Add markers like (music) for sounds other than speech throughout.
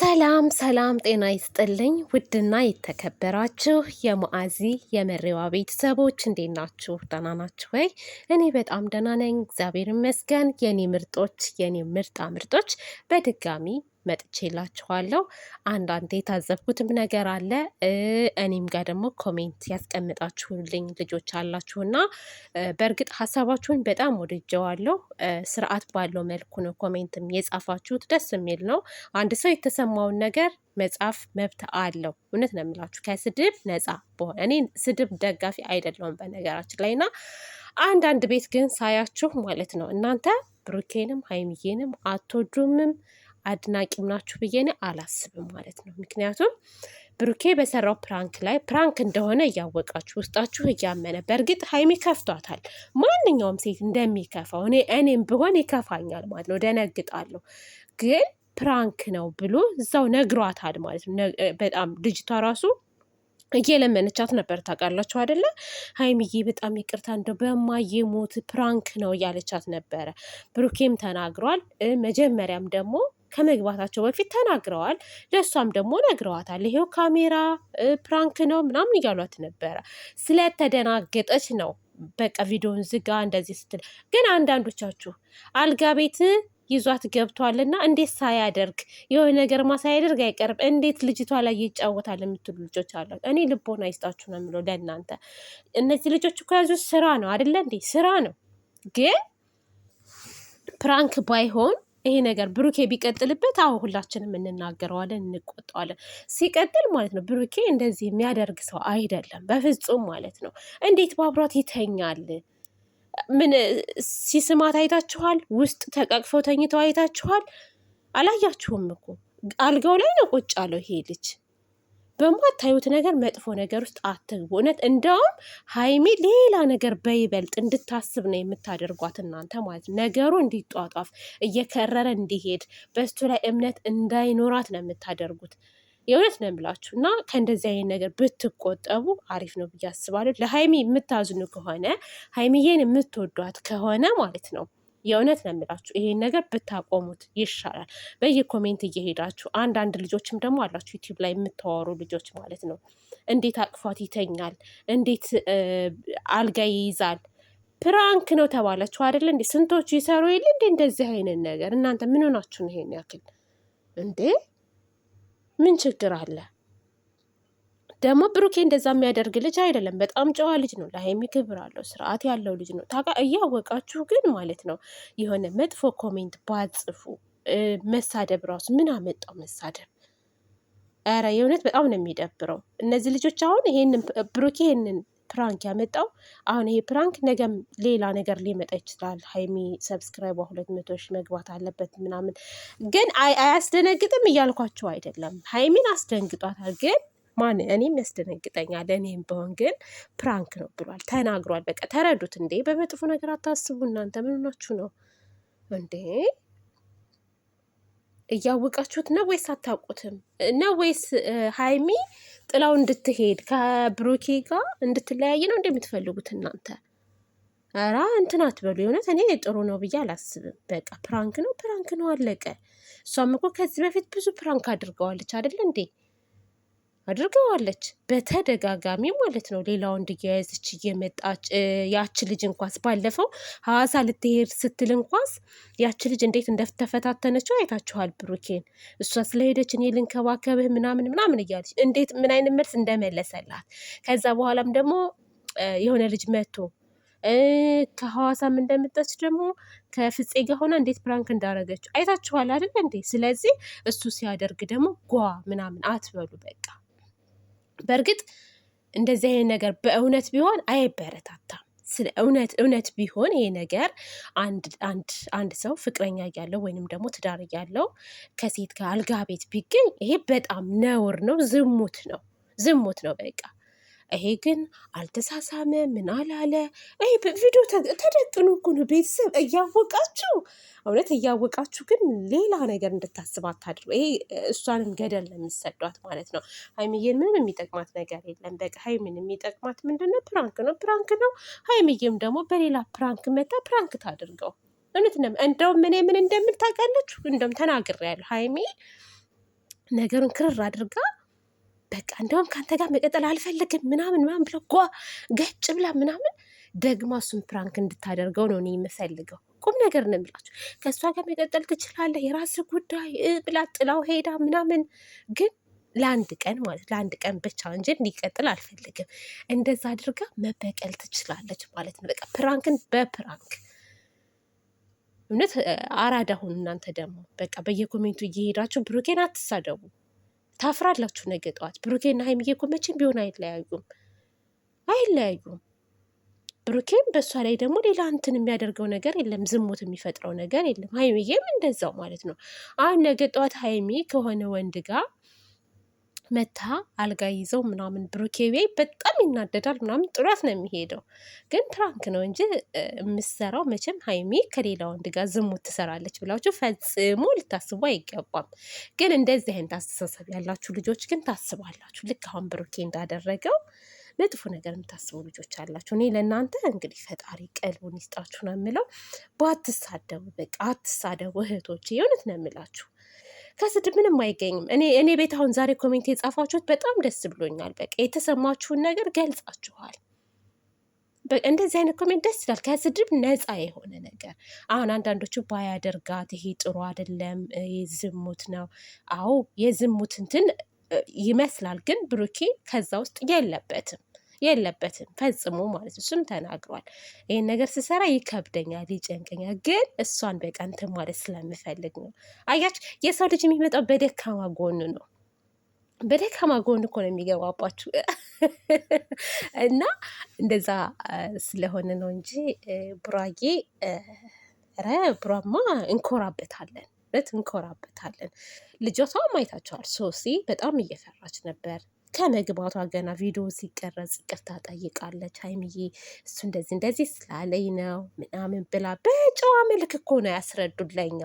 ሰላም ሰላም፣ ጤና ይስጥልኝ። ውድና የተከበራችሁ የሙአዚ የመሬዋ ቤተሰቦች እንዴት ናችሁ? ደህና ናችሁ ወይ? እኔ በጣም ደህና ነኝ፣ እግዚአብሔር ይመስገን። የኔ ምርጦች፣ የኔ ምርጣ ምርጦች፣ በድጋሚ መጥቼላችኋለሁ። አንዳንድ የታዘብኩትም ነገር አለ እኔም ጋር ደግሞ ኮሜንት ያስቀምጣችሁልኝ ልጆች አላችሁና በእርግጥ ሀሳባችሁን በጣም ወድጀዋለሁ። ስርዓት ባለው መልኩ ነው ኮሜንትም የጻፋችሁት ደስ የሚል ነው። አንድ ሰው የተሰማውን ነገር መጻፍ መብት አለው። እውነት ነው የምላችሁ ከስድብ ነጻ በሆነ እኔ ስድብ ደጋፊ አይደለውም በነገራችን ላይ እና አንዳንድ ቤት ግን ሳያችሁ ማለት ነው እናንተ ብሩኬንም ሀይሚዬንም አትወዱምም አድናቂም ናችሁ ብዬ እኔ አላስብም ማለት ነው። ምክንያቱም ብሩኬ በሰራው ፕራንክ ላይ ፕራንክ እንደሆነ እያወቃችሁ ውስጣችሁ እያመነ በእርግጥ ሀይሚ ከፍቷታል። ማንኛውም ሴት እንደሚከፋው እኔ እኔም ብሆን ይከፋኛል ማለት ነው፣ ደነግጣለሁ። ግን ፕራንክ ነው ብሎ እዛው ነግሯታል ማለት ነው። በጣም ልጅቷ ራሱ እየለመነቻት ነበር። ታውቃላችሁ አይደለ? ሀይሚዬ በጣም ይቅርታ እንደው በማዬ ሞት ፕራንክ ነው እያለቻት ነበረ። ብሩኬም ተናግሯል። መጀመሪያም ደግሞ ከመግባታቸው በፊት ተናግረዋል። ለእሷም ደግሞ ነግረዋታል። ይሄው ካሜራ ፕራንክ ነው ምናምን እያሏት ነበረ። ስለተደናገጠች ነው በቃ ቪዲዮን ዝጋ እንደዚህ ስትል። ግን አንዳንዶቻችሁ አልጋ ቤት ይዟት ገብቷልና እንዴት ሳያደርግ የሆነ ነገርማ ሳያደርግ አይቀርም፣ እንዴት ልጅቷ ላይ ይጫወታል የምትሉ ልጆች አለ። እኔ ልቦና ይስጣችሁ ነው የምለው ለእናንተ። እነዚህ ልጆች እኮ ያዙት ስራ ነው አደለ እንዴ? ስራ ነው ግን ፕራንክ ባይሆን ይሄ ነገር ብሩኬ ቢቀጥልበት አሁ ሁላችንም እንናገረዋለን፣ እንቆጠዋለን። ሲቀጥል ማለት ነው ብሩኬ እንደዚህ የሚያደርግ ሰው አይደለም በፍጹም ማለት ነው። እንዴት በአብሯት ይተኛል? ምን ሲስማት አይታችኋል? ውስጥ ተቃቅፈው ተኝተው አይታችኋል? አላያችሁም እኮ አልጋው ላይ ነው ቁጭ አለው ይሄ ልጅ። በማታዩት ነገር መጥፎ ነገር ውስጥ አትግቡ። እውነት እንደውም ሀይሚ ሌላ ነገር በይበልጥ እንድታስብ ነው የምታደርጓት እናንተ ማለት ነው። ነገሩ እንዲጧጧፍ እየከረረ እንዲሄድ በእሱ ላይ እምነት እንዳይኖራት ነው የምታደርጉት። የእውነት ነው የምላችሁ እና ከእንደዚህ አይነት ነገር ብትቆጠቡ አሪፍ ነው ብዬ አስባለሁ። ለሀይሚ የምታዝኑ ከሆነ ሀይሚዬን የምትወዷት ከሆነ ማለት ነው የእውነት ነው የምላችሁ ይሄን ነገር ብታቆሙት ይሻላል። በየኮሜንት እየሄዳችሁ አንዳንድ ልጆችም ደግሞ አላችሁ ዩቲዩብ ላይ የምታወሩ ልጆች ማለት ነው። እንዴት አቅፏት ይተኛል? እንዴት አልጋ ይይዛል? ፕራንክ ነው ተባላችሁ አይደለ እንዴ? ስንቶቹ ይሰሩ የለ እንዴ? እንደዚህ አይነት ነገር እናንተ ምን ሆናችሁ ነው ይሄን ያክል እንዴ? ምን ችግር አለ? ደግሞ ብሩኬ እንደዛ የሚያደርግ ልጅ አይደለም። በጣም ጨዋ ልጅ ነው። ለሀይሚ ክብር አለው፣ ስርዓት ያለው ልጅ ነው። ታቃ እያወቃችሁ ግን ማለት ነው የሆነ መጥፎ ኮሜንት ባጽፉ መሳደብ ራሱ ምን አመጣው መሳደብ? ኧረ የእውነት በጣም ነው የሚደብረው። እነዚህ ልጆች አሁን ይሄንን ብሩኬ ይሄንን ፕራንክ ያመጣው አሁን ይሄ ፕራንክ ነገም ሌላ ነገር ሊመጣ ይችላል። ሀይሚ ሰብስክራይቧ ሁለት መቶ ሺህ መግባት አለበት ምናምን፣ ግን አያስደነግጥም እያልኳቸው አይደለም። ሀይሚን አስደንግጧታል ግን ማን እኔም ያስደነግጠኛል። እኔም በሆን ግን ፕራንክ ነው ብሏል ተናግሯል። በቃ ተረዱት እንዴ! በመጥፎ ነገር አታስቡ እናንተ ምን ሆናችሁ ነው እንዴ? እያወቃችሁት ነው ወይስ አታውቁትም ነው ወይስ ሀይሚ ጥላው እንድትሄድ ከብሩኬ ጋር እንድትለያይ ነው እንደምትፈልጉት እናንተ? ኧረ እንትን አትበሉ። የእውነት እኔ ጥሩ ነው ብዬ አላስብም። በቃ ፕራንክ ነው ፕራንክ ነው አለቀ። እሷም እኮ ከዚህ በፊት ብዙ ፕራንክ አድርገዋለች አይደል እንዴ? አድርገዋለች በተደጋጋሚ ማለት ነው። ሌላ ወንድ እየያዘች እየመጣች ያቺ ልጅ እንኳስ ባለፈው ሀዋሳ ልትሄድ ስትል እንኳስ ያች ልጅ እንዴት እንደተፈታተነችው አይታችኋል። ብሩኬን እሷ ስለሄደች እኔ ልንከባከብህ ምናምን ምናምን እያለች እንዴት ምን አይነት መልስ እንደመለሰላት ከዛ በኋላም ደግሞ የሆነ ልጅ መቶ ከሐዋሳም እንደመጣች ደግሞ ከፍፄ ጋር ሆና እንዴት ፕራንክ እንዳረገችው አይታችኋል አይደል እንዴ? ስለዚህ እሱ ሲያደርግ ደግሞ ጓ ምናምን አትበሉ በቃ። በእርግጥ እንደዚህ አይነት ነገር በእውነት ቢሆን አይበረታታም። ስለ እውነት እውነት ቢሆን ይሄ ነገር አንድ ሰው ፍቅረኛ እያለው ወይንም ደግሞ ትዳር እያለው ከሴት ጋር አልጋ ቤት ቢገኝ ይሄ በጣም ነውር ነው፣ ዝሙት ነው፣ ዝሙት ነው በቃ ይሄ ግን አልተሳሳመ ምን አላለ። ይሄ ቪዲዮ ተደቅኖ እኮ ነው ቤተሰብ እያወቃችሁ፣ እውነት እያወቃችሁ ግን ሌላ ነገር እንድታስብ አታድርጉ። ይሄ እሷንም ገደል ለሚሰዷት ማለት ነው። ሀይምዬን ምንም የሚጠቅማት ነገር የለም። በቃ ሀይሚን የሚጠቅማት ምንድን ነው? ፕራንክ ነው፣ ፕራንክ ነው። ሀይምዬም ደግሞ በሌላ ፕራንክ መታ ፕራንክ ታድርገው። እውነት እንደውም ምን ምን እንደምታውቃለች እንደም ተናግሬያለሁ ሀይሜ ነገሩን ክርር አድርጋ በቃ እንደውም ከአንተ ጋር መቀጠል አልፈልግም ምናምን ምናምን ብለ ጓ ገጭ ብላ ምናምን ደግማ እሱን ፕራንክ እንድታደርገው ነው እኔ የምፈልገው። ቁም ነገር ነው የምላችሁ። ከእሷ ጋር መቀጠል ትችላለህ፣ የራስህ ጉዳይ ብላ ጥላው ሄዳ ምናምን ግን ለአንድ ቀን ማለት ለአንድ ቀን ብቻ እንጂ እንዲቀጥል አልፈልግም። እንደዛ አድርጋ መበቀል ትችላለች ማለት ነው። በቃ ፕራንክን በፕራንክ እውነት አራዳ ሁኑ እናንተ ደግሞ በቃ በየኮሜንቱ እየሄዳችሁ ብሩኬን አትሳደቡ። ታፍራላችሁ። ነገ ጠዋት ብሩኬና ሀይሚዬ እኮ መቼም ቢሆን አይለያዩም አይለያዩም። ብሩኬም በእሷ ላይ ደግሞ ሌላ እንትን የሚያደርገው ነገር የለም፣ ዝሙት የሚፈጥረው ነገር የለም። ሀይሚዬም እንደዛው ማለት ነው። አሁን ነገ ጠዋት ሀይሚ ከሆነ ወንድ ጋር መታ አልጋ ይዘው ምናምን ብሩኬ ቤይ በጣም ይናደዳል ምናምን ጥሏት ነው የሚሄደው። ግን ፕራንክ ነው እንጂ የምሰራው መቼም ሀይሚ ከሌላ ወንድ ጋር ዝሙት ትሰራለች ብላችሁ ፈጽሞ ልታስቡ አይገባም። ግን እንደዚህ አይነት አስተሳሰብ ያላችሁ ልጆች ግን ታስባላችሁ። ልክ አሁን ብሩኬ እንዳደረገው ለጥፉ ነገር የምታስቡ ልጆች አላችሁ። እኔ ለእናንተ እንግዲህ ፈጣሪ ቀልቡን ይስጣችሁ ነው የምለው። በአትሳደቡ፣ በቃ አትሳደቡ እህቶች፣ የእውነት ነው የምላችሁ። ከስድብ ምንም አይገኝም። እኔ እኔ ቤት አሁን ዛሬ ኮሜንት የጻፋችሁት በጣም ደስ ብሎኛል። በቃ የተሰማችሁን ነገር ገልጻችኋል። እንደዚህ አይነት ኮሜንት ደስ ይላል። ከስድብ ነፃ የሆነ ነገር አሁን አንዳንዶቹ ባያደርጋት ይሄ ጥሩ አይደለም፣ ዝሙት ነው። አዎ የዝሙት እንትን ይመስላል፣ ግን ብሩኬ ከዛ ውስጥ የለበትም። የለበትም ፈጽሞ ማለት ነው። እሱም ተናግሯል። ይህን ነገር ስሰራ ይከብደኛል፣ ይጨንቀኛል፣ ግን እሷን በቃ እንትን ማለት ስለምፈልግ ነው። አያችሁ የሰው ልጅ የሚመጣው በደካማ ጎኑ ነው። በደካማ ጎን እኮ ነው የሚገባባችሁ (laughs) እና እንደዛ ስለሆነ ነው እንጂ ቡራጌ ረ ቡራማ እንኮራበታለን በት እንኮራበታለን። ልጆቷ ማየታቸዋል። ሶሲ በጣም እየፈራች ነበር። ከመግባቷ ገና ቪዲዮ ሲቀረጽ ይቅርታ ጠይቃለች። ሀይምዬ እሱ እንደዚህ እንደዚህ ስላለኝ ነው ምናምን ብላ በጨዋ መልክ እኮ ነው ያስረዱለኛ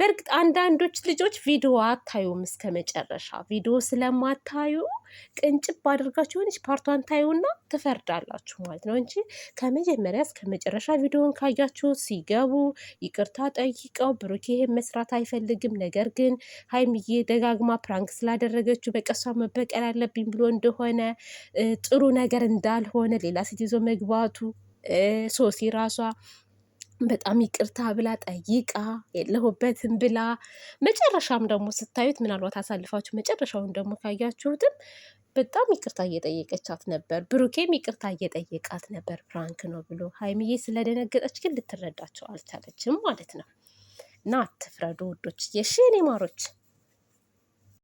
በእርግጥ አንዳንዶች ልጆች ቪዲዮ አታዩም እስከ መጨረሻ። ቪዲዮ ስለማታዩ ቅንጭብ አድርጋችሁ ሆነች ፓርቷን ታዩና ትፈርዳላችሁ ማለት ነው እንጂ ከመጀመሪያ እስከ መጨረሻ ቪዲዮን ካያችሁ ሲገቡ ይቅርታ ጠይቀው ብሩክ ይሄን መስራት አይፈልግም፣ ነገር ግን ሀይሚዬ ደጋግማ ፕራንክ ስላደረገችው በቀሷ መበቀል አለብኝ ብሎ እንደሆነ ጥሩ ነገር እንዳልሆነ ሌላ ሴት ይዞ መግባቱ ሶሲ ራሷ በጣም ይቅርታ ብላ ጠይቃ የለሁበትም ብላ መጨረሻም ደግሞ ስታዩት ምናልባት አሳልፋችሁ መጨረሻውን ደግሞ ካያችሁትም በጣም ይቅርታ እየጠየቀቻት ነበር። ብሩኬም ይቅርታ እየጠየቃት ነበር ፕራንክ ነው ብሎ። ሀይሚዬ ስለደነገጠች ግን ልትረዳቸው አልቻለችም ማለት ነው። እና አትፍረዱ ውዶች የሺ ማሮች